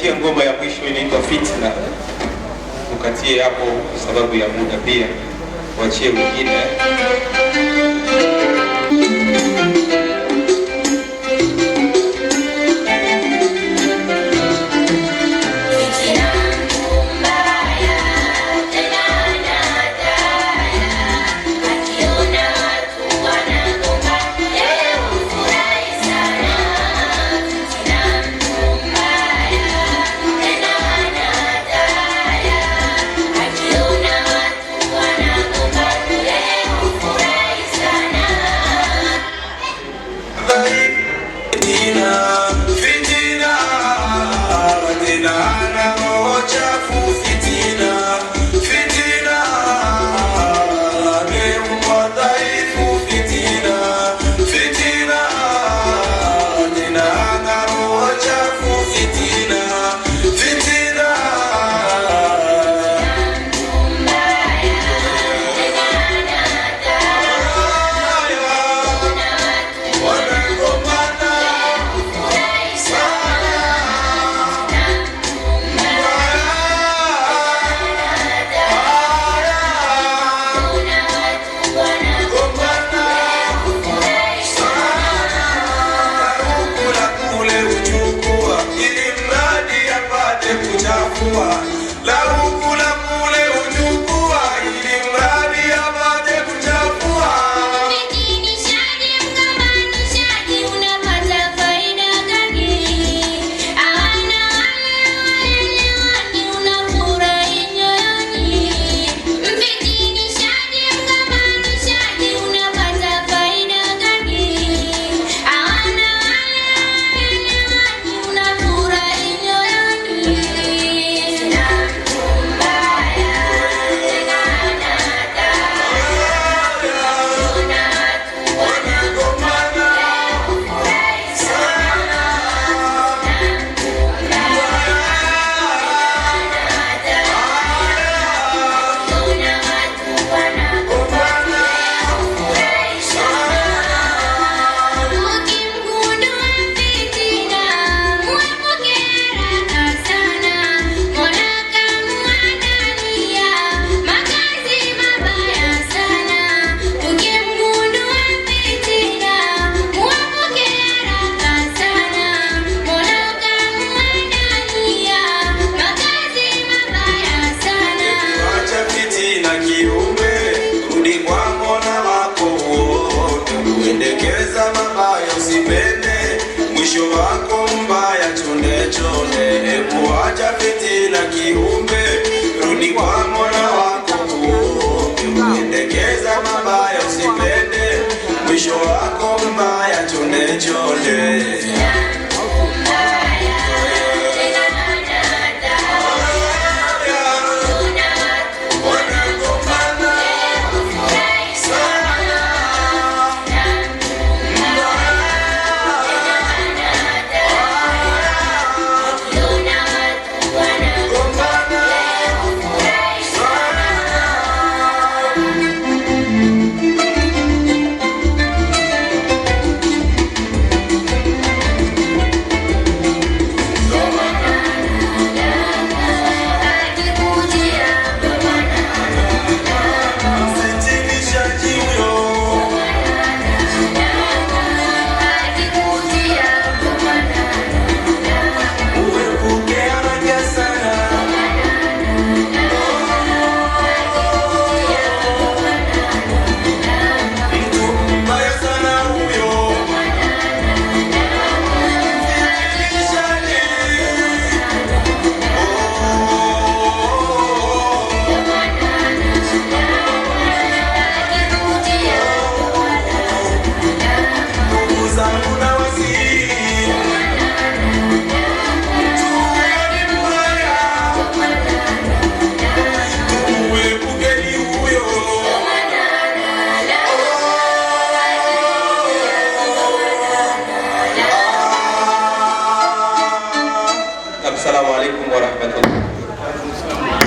tuachie ngoma ya mwisho inaitwa Fitna, tukatie hapo sababu ya muda, pia wachie wengine.